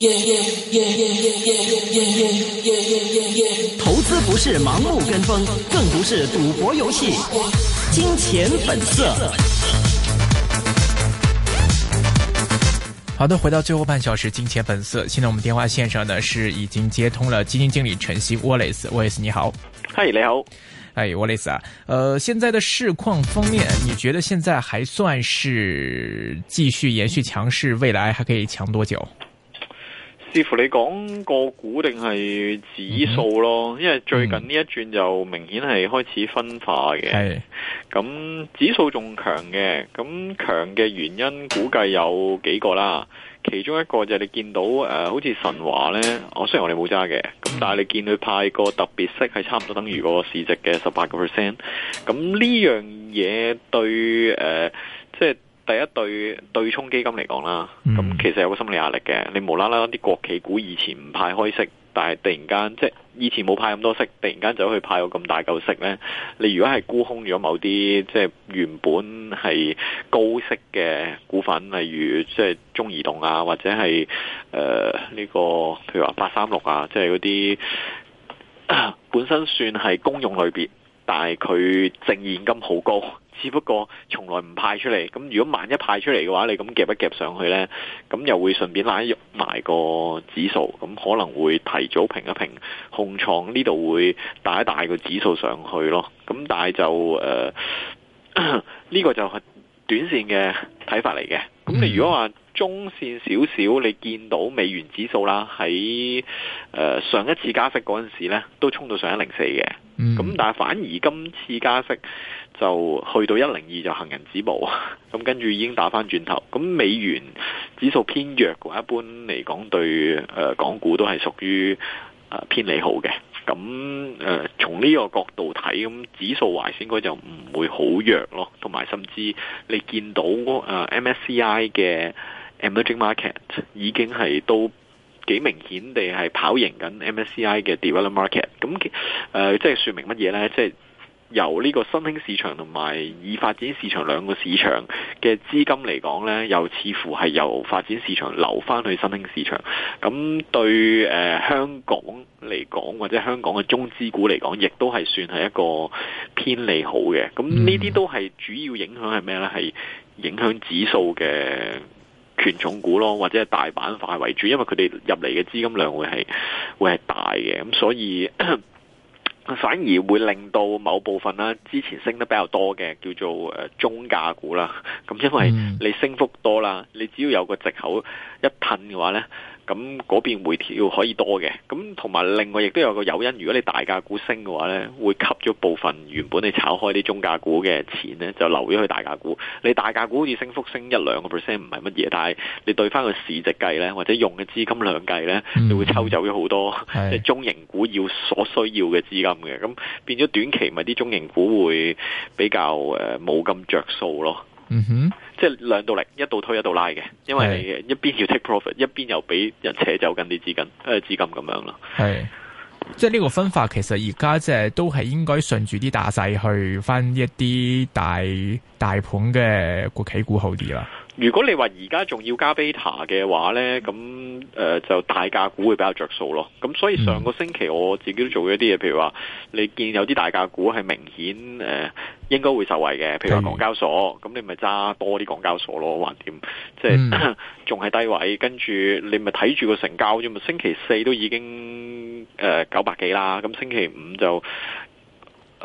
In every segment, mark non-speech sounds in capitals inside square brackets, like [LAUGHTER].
耶耶耶耶耶耶耶耶耶耶，投資不是盲目跟風，更不是賭博遊戲。金錢本色。好的，回到最後半小時，金錢本色。現在我們電話線上呢是已經接通了基金經理陳昕 Wallace，Wallace 你好。嗨，你好。哎，Wallace 啊，呃，現在的市況方面，你覺得現在還算是繼續延續強勢，未來還可以強多久？似乎你講個股定係指數咯，嗯、因為最近呢一轉就明顯係開始分化嘅。咁、嗯、指數仲強嘅，咁強嘅原因估計有幾個啦。其中一個就係你見到誒、呃，好似神華呢，我、哦、雖然我哋冇揸嘅，咁但係你見佢派個特別息係差唔多等於個市值嘅十八個 percent。咁呢樣嘢對誒、呃，即係。第一對對沖基金嚟講啦，咁其實有個心理壓力嘅。你無啦啦啲國企股以前唔派開息，但係突然間即係以前冇派咁多息，突然間走去派個咁大嚿息呢，你如果係沽空咗某啲即係原本係高息嘅股份，例如即係中移動啊，或者係誒、呢個，譬如話八三六啊，即係嗰啲本身算係公用類別。但係佢淨現金好高，只不過從來唔派出嚟。咁如果萬一派出嚟嘅話，你咁夾一夾上去呢，咁又會順便拉埋個指數，咁可能會提早平一平，控倉呢度會帶一帶個指數上去咯。咁但係就誒，呢、呃呢個就係短線嘅睇法嚟嘅。咁你如果話中線少少，你見到美元指數啦，喺誒、呃、上一次加息嗰陣時咧，都衝到上一零四嘅。咁、嗯、但係反而今次加息就去到一零二就行人止步，咁 [LAUGHS] 跟住已經打翻轉頭。咁美元指數偏弱嘅，一般嚟講對誒、呃、港股都係屬於誒偏利好嘅。咁誒、呃，從呢個角度睇，咁指數懷先，佢就唔會好弱咯。同埋，甚至你見到誒、呃、MSCI 嘅 Emerging Market 已經係都幾明顯地係跑贏緊 MSCI 嘅 Developed Market。咁、呃、誒，即係說明乜嘢咧？即係。由呢個新興市場同埋已發展市場兩個市場嘅資金嚟講呢，又似乎係由發展市場流翻去新興市場，咁對誒、呃、香港嚟講，或者香港嘅中資股嚟講，亦都係算係一個偏利好嘅。咁呢啲都係主要影響係咩呢？係影響指數嘅權重股咯，或者係大板塊為主，因為佢哋入嚟嘅資金量會係會係大嘅，咁所以。 [COUGHS] 反而會令到某部分啦，之前升得比較多嘅叫做誒中價股啦，咁因為你升幅多啦，你只要有個藉口一噴嘅話咧。咁嗰邊回調可以多嘅，咁同埋另外亦都有個誘因，如果你大價股升嘅話咧，會吸咗部分原本你炒開啲中價股嘅錢咧，就留咗去大價股。你大價股好似升幅升一兩個 percent 唔係乜嘢，但係你對翻個市值計咧，或者用嘅資金量計咧，就會抽走咗好多即係、mm hmm. [LAUGHS] 中型股要所需要嘅資金嘅，咁變咗短期咪啲中型股會比較誒冇咁着數咯。嗯哼、mm。Hmm. 即係兩道力，一度推，一度拉嘅，因為一邊要 take profit，一邊又俾人扯走緊啲資金，誒、呃、資金咁樣咯。係，即係呢個分法，其實而家即係都係應該順住啲大勢去大，翻一啲大大盤嘅國企股好啲啦。如果你話而家仲要加 beta 嘅話呢，咁誒、呃、就大價股會比較着數咯。咁所以上個星期我自己都做咗啲嘢，譬如話你見有啲大價股係明顯誒、呃，應該會受惠嘅，譬如話港交所，咁你咪揸多啲港交所咯。橫掂即係仲係低位，跟住你咪睇住個成交啫嘛。星期四都已經誒九百幾啦，咁、呃、星期五就。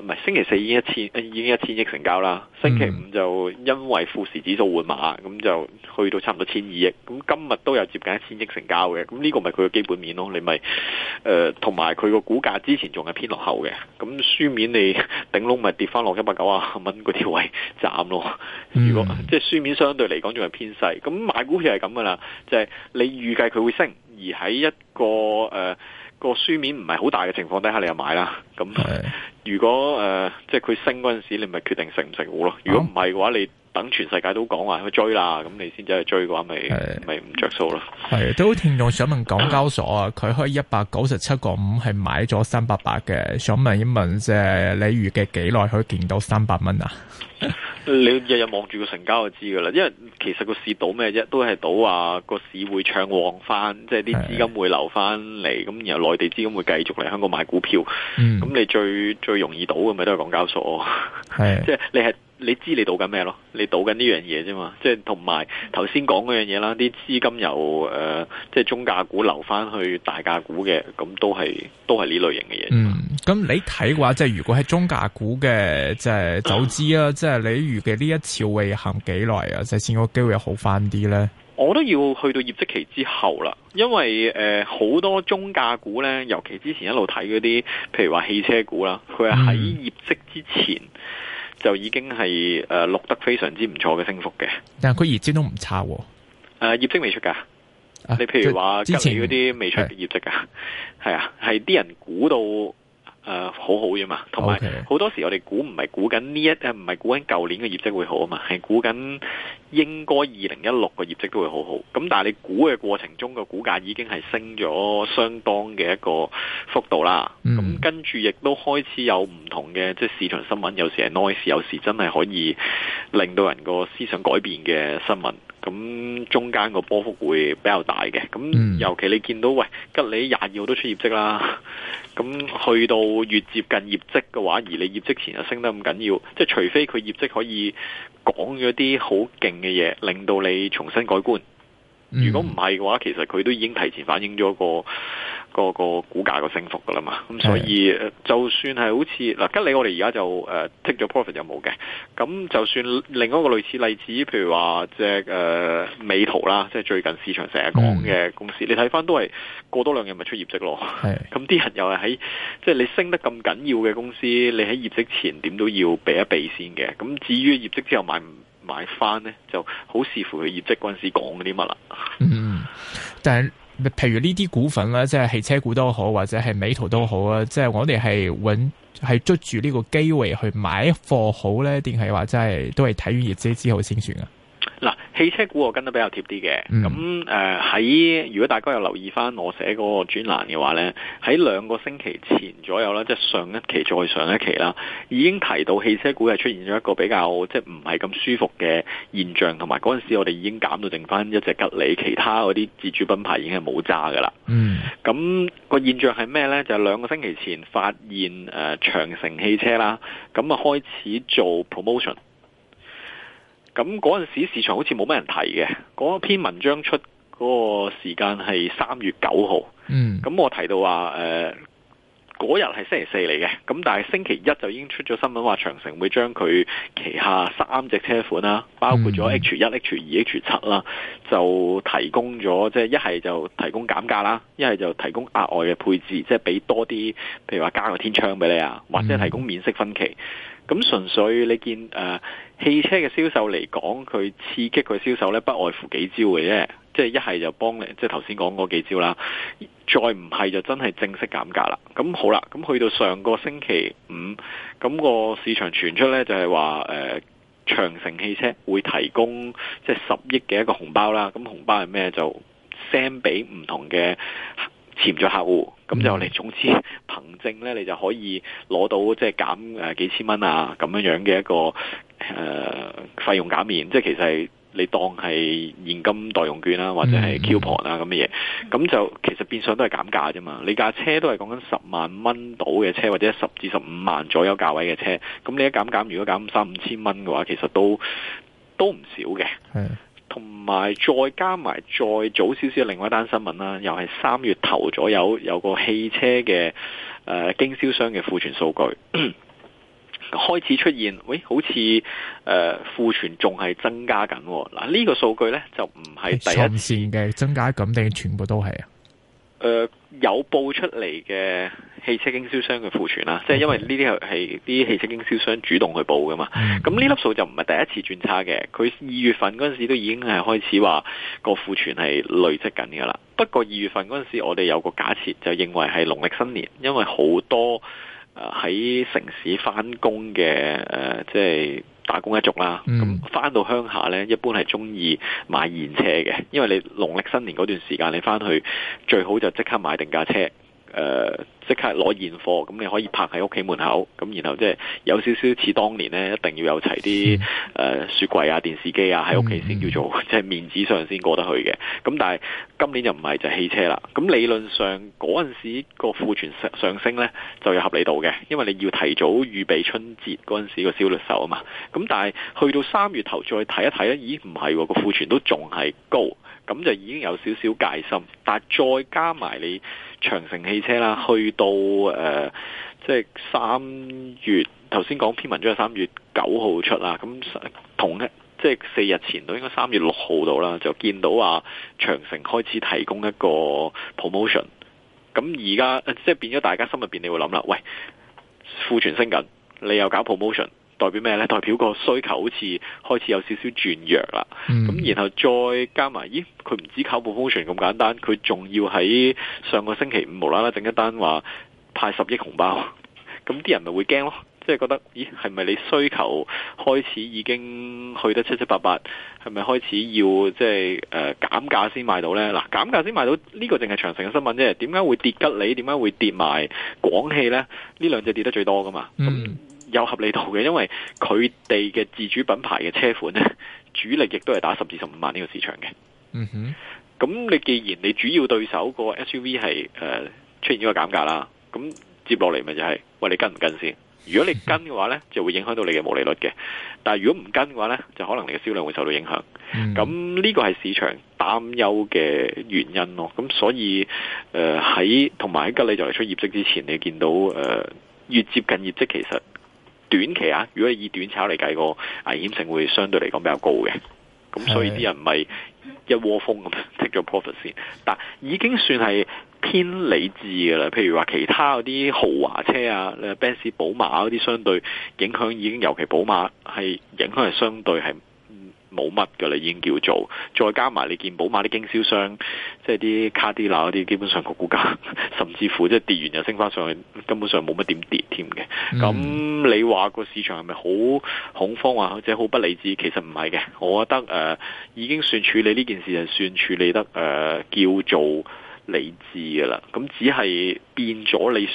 唔係星期四已經一千，已經一千億成交啦。星期五就因為富時指數換馬，咁就去到差唔多千二億。咁今日都有接近一千億成交嘅。咁呢個咪佢嘅基本面咯。你咪誒，同埋佢個股價之前仲係偏落後嘅。咁書面你頂籠咪跌返落一百九啊蚊嗰條位斬咯。如果，嗯，如果即係書面相對嚟講仲係偏細。咁買股票係咁噶啦，就係你預計佢會升，而喺一個誒。呃個書面唔係好大嘅情況底下，你買的、呃，你就買啦。咁如果誒，即係佢升嗰陣時，你咪決定成唔成股咯。如果唔係嘅話，你等全世界都講話去追啦，咁你先走去追嘅話，咪咪唔着數咯。係都聽眾想問港交所啊，佢開一百九十七個五，係 [COUGHS] 買咗三百八嘅，想問一問即係你預計幾耐可以見到三百蚊啊？ [LAUGHS] 你日日望住個成交就知噶啦，因為其實個市賭咩啫，都係賭話個市會暢旺翻，即係啲資金會流翻嚟，咁然後內地資金會繼續嚟香港買股票，咁、嗯、你最最容易賭嘅咪都係港交所，係的 [LAUGHS] 即係你係。你知你賭緊咩咯？你賭緊呢樣嘢啫嘛，即係同埋頭先講嗰樣嘢啦，啲資金由誒即係中價股流翻去大價股嘅，咁都係都係呢類型嘅嘢。嗯，咁你睇嘅話，即係如果喺中價股嘅，嗯、即係走資啊，即係你預計呢一次會行幾耐啊？就係先個機會好翻啲呢。我都要去到業績期之後啦，因為誒好、呃、多中價股呢，尤其之前一路睇嗰啲，譬如話汽車股啦，佢係喺業績之前。嗯就已經係誒錄得非常之唔錯嘅升幅嘅，但係佢、哦呃、業績都唔差，誒業績未出噶，你譬如話今年嗰啲未出嘅業績啊，係啊的，係啲人估到。誒、uh, 好好嘅嘛，同埋好多時我哋估唔係估緊呢一誒唔係估緊舊年嘅業績會好啊嘛，係估緊應該二零一六個業績都會好好。咁但係你估嘅過程中，那個股價已經係升咗相當嘅一個幅度啦。咁、mm. 跟住亦都開始有唔同嘅即係市場新聞，有時係 noise，有時真係可以令到人個思想改變嘅新聞。咁中間個波幅會比較大嘅。咁、mm. 尤其你見到喂吉利廿二號都出業績啦，咁 [LAUGHS] 去到。我越接近業績嘅話，而你業績前就升得咁緊要，即係除非佢業績可以講咗啲好勁嘅嘢，令到你重新改觀。如果唔係嘅話，其實佢都已經提前反映咗個。個個股價個升幅噶啦嘛，咁所以的、呃、就算係好似嗱吉利我哋而家就誒 take 咗 profit 有冇嘅，咁就算另一個類似例子，譬如話即係誒美圖啦，即係最近市場成日講嘅公司，你睇翻都係過多兩日咪出業績咯。咁啲人又係喺即係你升得咁緊要嘅公司，你喺業績前點都要避一避先嘅。咁至於業績之後買唔買翻呢，就好視乎佢業績嗰陣時講嗰啲乜啦。嗯，但係。譬如呢啲股份啦，即係汽車股都好，或者係美圖都好啊！即係我哋係搵，係捉住呢個機會去買貨好咧，定係話即係都係睇完業績之後先算啊？嗱，汽車股我跟得比較貼啲嘅，咁誒喺如果大家有留意翻我寫嗰個專欄嘅話呢喺兩個星期前左右啦，即係上一期再上一期啦，已經提到汽車股係出現咗一個比較即係唔係咁舒服嘅現象，同埋嗰陣時我哋已經減到剩翻一隻吉利，其他嗰啲自主品牌已經係冇揸嘅啦。咁個現象係咩呢？就係兩個星期前發現誒長城汽車啦，咁啊開始做 promotion。咁嗰陣時市場好似冇咩人提嘅，嗰篇文章出嗰個時間係三月九號。嗯，咁我提到話誒。呃嗰日係星期四嚟嘅，咁但係星期一就已經出咗新聞話長城會將佢旗下三隻車款啦，包括咗 H 一、嗯、H 二、H 七啦，就提供咗即係一係就提供減價啦，一係就提供額外嘅配置，即係俾多啲，譬如話加個天窗俾你啊，或者提供免息分期。咁、嗯、純粹你見誒、呃、汽車嘅銷售嚟講，佢刺激佢銷售咧，不外乎幾招嘅啫。即係一係就幫你，即係頭先講嗰幾招啦。再唔係就真係正式減價啦。咁好啦，咁去到上個星期五，咁、那個市場傳出咧就係、是、話，誒、呃、長城汽車會提供即係十億嘅一個紅包啦。咁紅包係咩？就 send 俾唔同嘅潛在客戶，咁就嚟，總之、嗯、憑證咧，你就可以攞到即係減誒幾千蚊啊咁樣樣嘅一個誒費、呃、用減免。即係其實係。你當係現金代用券啦，或者係 coupon 啊咁嘅嘢，咁、嗯、就其實變相都係減價啫嘛。你架車都係講緊十萬蚊到嘅車，或者十至十五萬左右價位嘅車，咁你一減減，如果減三五千蚊嘅話，其實都都唔少嘅。係，同埋的再加埋再早少少，另外一單新聞啦，又係三月頭左右有，有個汽車嘅誒、呃、經銷商嘅庫存數據。 [COUGHS] 開始出現，喂、哎，好似誒庫存仲係增加緊嗱、啊、呢、這個數據呢，就唔係第一線嘅增加緊，定全部都係啊、呃？有報出嚟嘅汽車經銷商嘅庫存啦，即係因為呢啲係啲汽車經銷商主動去報噶嘛，咁呢粒數就唔係第一次轉差嘅，佢二月份嗰陣時都已經係開始話個庫存係累積緊噶啦，不過二月份嗰陣時我哋有個假設，就認為係農曆新年，因為好多。喺城市翻工嘅誒，即係打工一族啦。咁翻、嗯、到鄉下咧，一般係中意買現車嘅，因為你農曆新年嗰段時間你翻去最好就即刻買定架車。誒即、呃、刻攞現貨，咁、嗯、你可以泊喺屋企門口，咁、嗯、然後即係有少少似當年呢，一定要有齊啲誒雪櫃啊、電視機啊喺屋企先叫做、嗯、即係面子上先過得去嘅。咁、嗯、但係今年又就唔係就係汽車啦。咁、嗯、理論上嗰陣時個庫存上升呢，就有合理度嘅，因為你要提早預備春節嗰陣時個銷量受啊嘛。咁、嗯、但係去到三月頭再睇一睇咧，咦，唔係喎，個庫存都仲係高。咁就已經有少少戒心，但係再加埋你長城汽車啦，去到誒，即係三月頭先講篇文，都係三月九號出啦。咁同一，即係四日前到，應該三月六號度啦，就見到話長城開始提供一個 promotion。咁而家即係變咗，大家心入邊你會諗啦，喂，庫存升緊，你又搞 promotion。代表咩呢？代表個需求好似開始有少少轉弱啦。咁、嗯、然後再加埋，咦？佢唔止靠 promotion 咁簡單，佢仲要喺上個星期五無啦啦整一單話派十億紅包，咁 [LAUGHS] 啲、嗯、人咪會驚咯？即係覺得，咦？係咪你需求開始已經去得七七八八？係咪開始要即係誒、呃、減價先賣到呢？嗱，減價先賣到呢、這個，淨係長城嘅新聞啫。點解會跌吉利？點解會跌埋廣汽呢？呢兩隻跌得最多噶嘛？嗯有合理度嘅，因為佢哋嘅自主品牌嘅車款咧，主力亦都係打十至十五萬呢個市場嘅。嗯哼、mm，咁、hmm. 你既然你主要對手個 SUV 係誒、呃、出現呢個減價啦，咁接落嚟咪就係、是，喂你跟唔跟先？如果你跟嘅話咧， [LAUGHS] 就會影響到你嘅毛利率嘅。但係如果唔跟嘅話咧，就可能你嘅銷量會受到影響。咁呢、mm hmm. 個係市場擔憂嘅原因咯。咁所以誒喺同埋喺吉利就嚟出業績之前，你見到誒、呃、越接近業績，其實。短期啊，如果以短炒嚟計，個危險性會相對嚟講比較高嘅，咁所以啲人咪一窩蜂咁 take 咗 profit 先，是的 但已經算係偏理智嘅啦。譬如話其他嗰啲豪華車啊，誒 Benz、mm、寶、hmm. 馬嗰啲，相對影響已經尤其寶馬係影響係相對係。冇乜㗎喇，已經叫做再加埋你見寶馬啲經銷商，即係啲卡地亞嗰啲，基本上個股價，甚至乎即係跌完又升返上去，根本上冇乜點跌添嘅。咁、嗯、你話個市場係咪好恐慌啊？或者好不理智？其實唔係嘅，我覺得誒、呃、已經算處理呢件事就算處理得誒、呃、叫做，理智噶啦，咁只係變咗你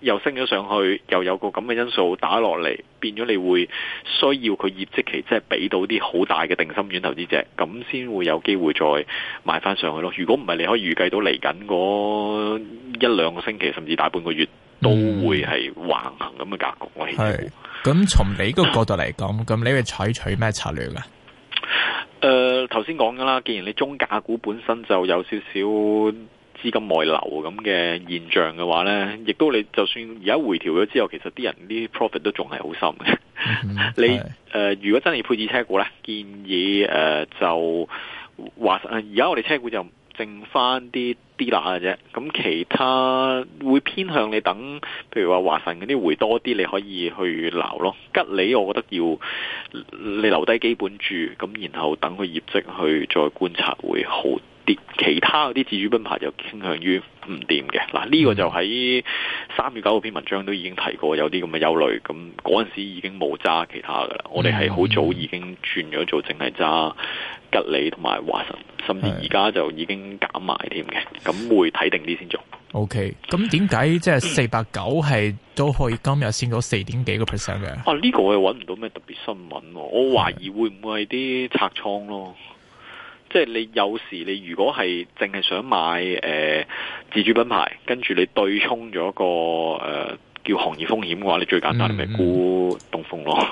又升咗上去，又有個咁嘅因素打落嚟，變咗你會需要佢業績期，即係俾到啲好大嘅定心丸投資者，咁先會有機會再買翻上去咯。如果唔係，你可以預計到嚟緊嗰一兩個星期，甚至大半個月、嗯、都會係橫行咁嘅格局咯。係咁是，從你個角度嚟講，咁、嗯、你會採取咩策略啊？誒、呃，頭先講噶啦，既然你中價股本身就有少少。資金外流咁嘅現象嘅話呢，亦都你就算而家回調咗之後，其實啲人啲 profit 都仲係好深嘅。Mm hmm. [LAUGHS] 你誒、呃，如果真係要配置車股呢，建議誒、呃、就華誒而家我哋車股就剩翻啲啲乸嘅啫。咁其他會偏向你等，譬如話華晨嗰啲回多啲，你可以去留咯。吉利，我覺得要你留低基本住，咁然後等佢業績去再觀察會好。其他嗰啲自主品牌就傾向於唔掂嘅，嗱、這、呢個就喺三月九號篇文章都已經提過有啲咁嘅憂慮，咁嗰陣時已經冇揸其他噶啦，嗯、我哋係好早已經轉咗做淨係揸吉利同埋華晨，甚至而家就已經減埋添嘅，咁的會睇定啲先做。OK，咁點解即係四百九係都可以今日先到四點幾個 percent 嘅？嗯、啊、呢、這個我揾唔到咩特別新聞喎、啊，我懷疑會唔會係啲拆倉咯？即係你有時，你如果係淨係想買誒、呃、自主品牌，跟住你對沖咗個誒、呃、叫行業風險嘅話，你最簡單，嗯嗯，你咪沽東風咯，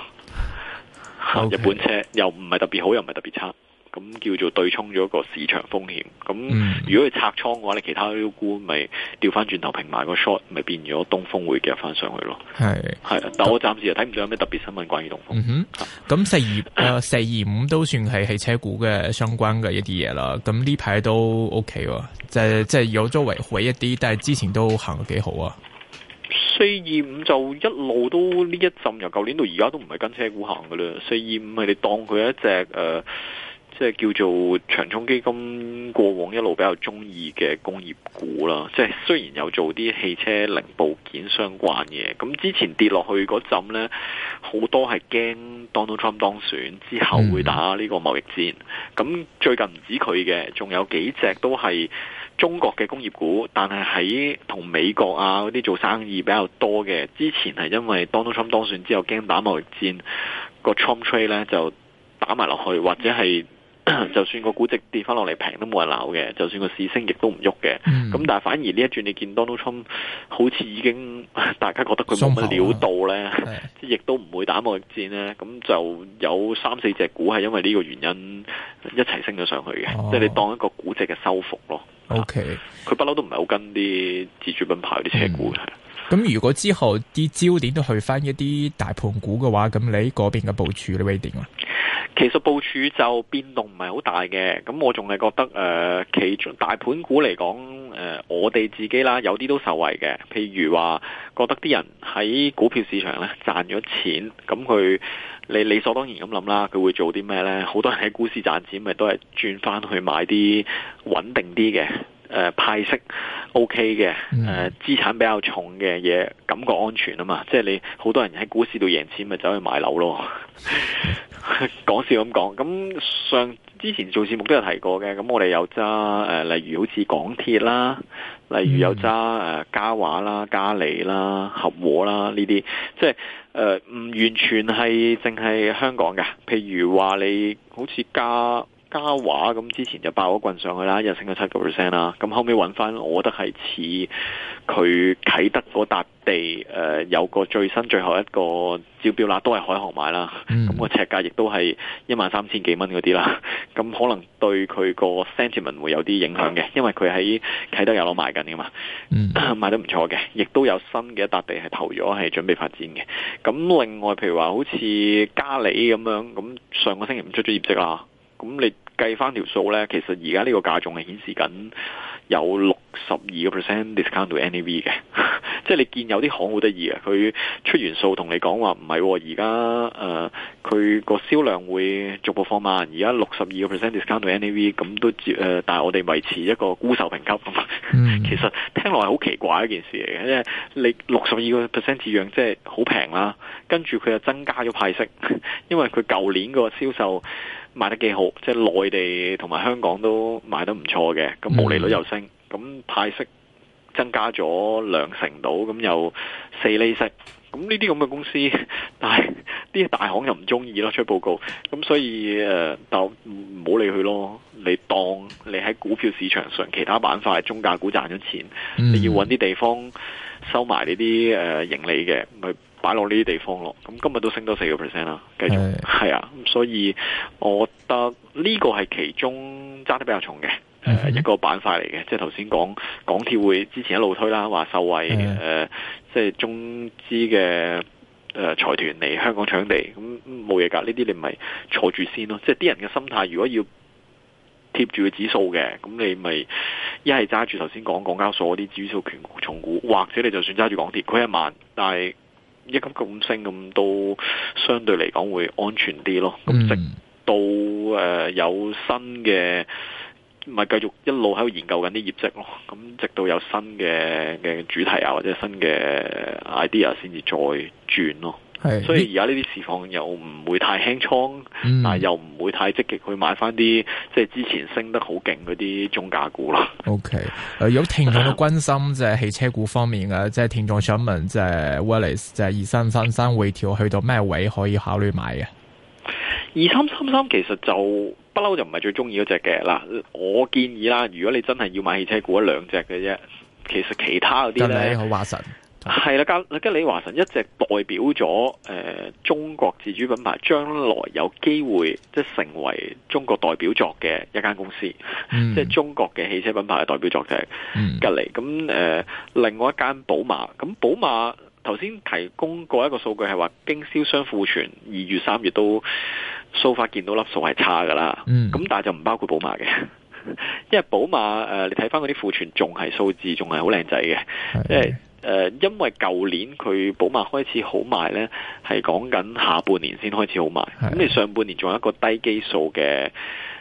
[LAUGHS] Okay. 日本車又唔係特別好，又唔係特別差。咁叫做對沖咗個市場風險。咁、嗯嗯、如果佢拆倉嘅話你其他啲股咪調翻轉頭平埋個 short 咪變咗東風會夾翻上去咯。係係是，但我暫時又睇唔到有咩特別新聞關於東風。嗯咁四二誒四二五都算係汽車股嘅相關嘅一啲嘢啦。咁呢排都 O K 喎，即係即係有咗維護一啲，但係之前都行得幾好啊。四二五就一路都呢一陣由舊年到而家都唔係跟車股行嘅啦。四二五係你當佢一隻誒。呃即係叫做長沖基金過往一路比較中意嘅工業股啦，即係雖然有做啲汽車零部件相關嘅，咁之前跌落去嗰陣呢，好多係驚 Donald Trump 當選之後會打呢個貿易戰。咁、嗯、最近唔止佢嘅，仲有幾隻都係中國嘅工業股，但係喺同美國啊嗰啲做生意比較多嘅，之前係因為 Donald Trump 當選之後驚打貿易戰，個 Trump Trade 呢就打埋落去，或者係。 [COUGHS] 就算個估值跌翻落嚟平都冇人鬧嘅，就算個市升亦都唔喐嘅。咁、嗯、但係反而呢一轉，你見、Donald、Trump 好似已經大家覺得佢冇乜料到咧，亦、啊、 [LAUGHS] 都唔會打貿易戰咧。咁就有三四隻股係因為呢個原因一齊升咗上去嘅，即係、哦、你當一個估值嘅收復咯。O K，佢不嬲都唔係好跟啲自主品牌啲車股。咁如果之後啲焦點都去翻一啲大盤股嘅話，咁你嗰邊嘅部署你會點啊？其實部署就變動唔係好大嘅，咁我仲係覺得誒、呃，其中大盤股嚟講，誒、呃、我哋自己啦，有啲都受惠嘅。譬如話，覺得啲人喺股票市場咧賺咗錢，咁佢你理所當然咁諗啦，佢會做啲咩咧？好多人喺股市賺錢，咪都係轉翻去買啲穩定啲嘅。誒、呃、派息 OK 嘅誒、呃、資產比較重嘅嘢，感覺安全啊嘛！即係你好多人喺股市度贏錢，咪走去買樓咯。 [LAUGHS] 講笑咁講，咁上之前做節目都有提過嘅。咁我哋有揸誒、呃，例如好似港鐵啦，例如有揸誒、呃、嘉華啦、嘉利啦、合和啦呢啲，即係誒唔完全係淨係香港嘅。譬如話你好似加。嘉華咁之前就爆咗棍上去啦，一日升咗七個 percent 啦。咁後尾揾翻，我覺得係似佢啟德嗰笪地誒、呃，有個最新最後一個招標啦，都係海航買啦。咁、嗯、個尺價亦都係一萬三千幾蚊嗰啲啦。咁可能對佢個 sentiment 會有啲影響嘅，嗯、因為佢喺啟德有樓賣緊噶嘛，賣、嗯、得唔錯嘅，亦都有新嘅一笪地係投咗，係準備發展嘅。咁另外，譬如話好似嘉里咁樣，咁上個星期唔出咗業績啦。咁你計翻條數呢，其實而家呢個價仲係顯示緊有六十二個 percent discount to NAV 嘅，即 [LAUGHS] 係你見有啲行好得意嘅，佢出完數同你講話唔係，而家佢個銷量會逐步放慢，而家六十二個 percent discount to NAV 咁都接誒、呃，但係我哋維持一個沽售評級。嗯， [LAUGHS] 其實聽落係好奇怪一件事嚟嘅，因、就、為、是、你六十二個 percent 折讓即係好平啦，跟住佢又增加咗派息，因為佢舊年個銷售，賣得幾好，即係內地同埋香港都賣得唔錯嘅，咁毛利率又升，咁派息增加咗兩成度，咁又四厘息，咁呢啲咁嘅公司，但係啲大行又唔中意咯，出報告，咁所以誒，就唔好理佢咯，你當你喺股票市場上，其他板塊中價股賺咗錢，你要揾啲地方。收埋呢啲誒盈利嘅，咪擺落呢啲地方咯。咁今日都升多四個 percent 啦，繼續係啊。咁的所以我覺得呢個係其中爭得比較重嘅的一個板塊嚟嘅。即係頭先講港鐵會之前一路推啦，話受惠誒的、呃，即係中資嘅誒、呃、財團嚟香港搶地，咁冇嘢噶。呢啲你咪坐住先咯。即係啲人嘅心態，如果要。貼住個指數嘅，咁你咪一係揸住頭先講港交所嗰啲指數權重股，或者你就算揸住港鐵，佢一萬，但係一級咁升咁都相對嚟講會安全啲咯。咁直到誒、呃、有新嘅，咪係繼續一路喺度研究緊啲業績咯。咁直到有新嘅嘅主題啊，或者新嘅 idea 先至再轉咯。係，是所以而家呢啲市況又唔會太輕倉，嗯、但係又唔會太積極去買翻啲即係之前升得好勁嗰啲中價股啦、okay, 呃。O K，誒，有聽眾關心就係汽車股方面嘅、啊，即、就、係、是、聽眾想問即係 Wallace，即係二三三三會跳去到咩位可以考慮買嘅、啊？二三三三其實就，就不嬲就唔係最中意嗰隻嘅啦。我建議啦，如果你真係要買汽車股，一兩隻嘅啫。其實其他嗰啲咧，好話實。係啦，吉利華晨一直代表咗誒、呃、中國自主品牌將來有機會即係成為中國代表作嘅一間公司，嗯、即係中國嘅汽車品牌嘅代表作就係吉利咁誒，另外一間寶馬，咁寶馬頭先提供過一個數據係話經銷商庫存二月、三月都數法見到粒數係差噶啦。咁、嗯、但係就唔包括寶馬嘅，因為寶馬誒、呃、你睇翻嗰啲庫存仲係數字仲係好靚仔嘅，即係。呃，因為舊年佢寶馬開始好賣呢，係講緊下半年先開始好賣。咁你的上半年仲有一個低基數嘅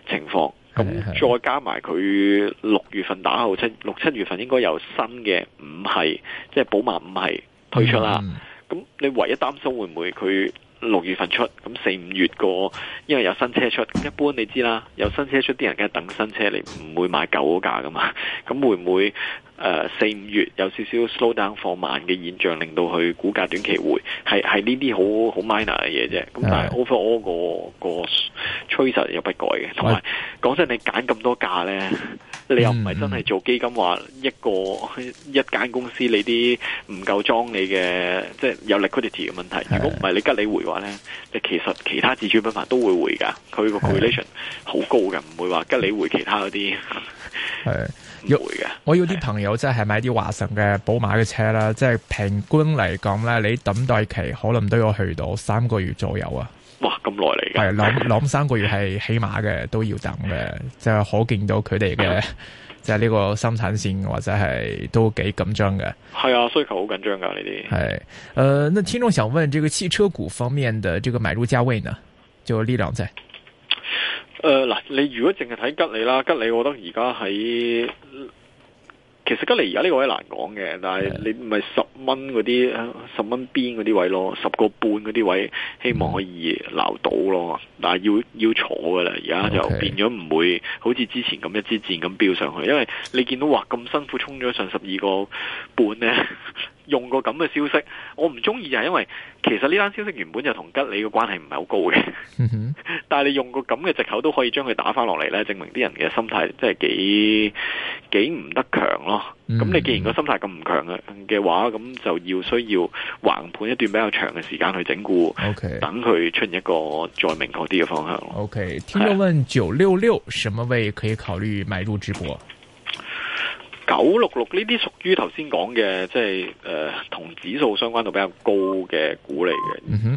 情況，咁的再加埋佢六月份打後七六七月份應該有新嘅五系，即係寶馬五系推出啦。咁的你唯一擔心會唔會佢六月份出，咁四五月個因為有新車出，一般你知啦，有新車出啲人梗係等新車嚟，唔會買舊嗰價噶嘛。咁會唔會？誒，四五、uh, 月有少少 slow down 放慢嘅現象，令到佢股價短期回，係係呢啲好好 minor 嘅嘢啫。咁但係 overall 個個趨勢又不改嘅。同埋講真，你揀咁多價呢，你又唔係真係做基金話一個、嗯、一間公司你啲唔夠裝你嘅，即、就、係、是、有 liquidity 嘅問題。如果唔係你吉利回嘅話咧，即其實其他自主品牌都會回噶，佢個 correlation 好的高嘅，唔會話吉利回其他嗰啲係。 [LAUGHS] 喐嘅，我要啲朋友即係買啲華晨嘅寶馬嘅車啦，即、就、係、是、平均嚟講咧，你等待期可能都要去到三個月左右啊！哇，咁耐嚟嘅，係兩兩三個月係起碼嘅，都要等嘅，即係可見到佢哋嘅即係呢個生產線或者係都幾緊張嘅。係啊，需求好緊張噶呢啲。係，誒、呃，那聽眾想問，這個汽車股方面的這個買入價位呢？就呢量在。誒，嗱、呃，你如果淨係睇吉利啦，吉利，我覺得而家喺。其實吉利而家呢個位難講嘅，但係你唔係十蚊嗰啲十蚊邊嗰啲位咯，十個半嗰啲位希望可以撈到咯。嗯、但係要要坐嘅啦，而家就變咗唔會好似之前咁一支箭咁飆上去，因為你見到話咁辛苦衝咗上十二個半呢，用個咁嘅消息，我唔中意就係因為其實呢單消息原本就同吉利嘅關係唔係好高嘅。嗯、哼但係你用個咁嘅藉口都可以將佢打翻落嚟呢，證明啲人嘅心態真係幾幾唔得強咯。咁、嗯、你既然個心態咁唔強嘅嘅話，咁就要需要橫盤一段比較長嘅時間去整固，Okay. 等佢出現一個再明確啲嘅方向。OK，聽眾問九六六什麼位可以考慮買入？直播九六六呢啲屬於頭先講嘅，即係誒同指數相關度比較高嘅股嚟嘅。嗯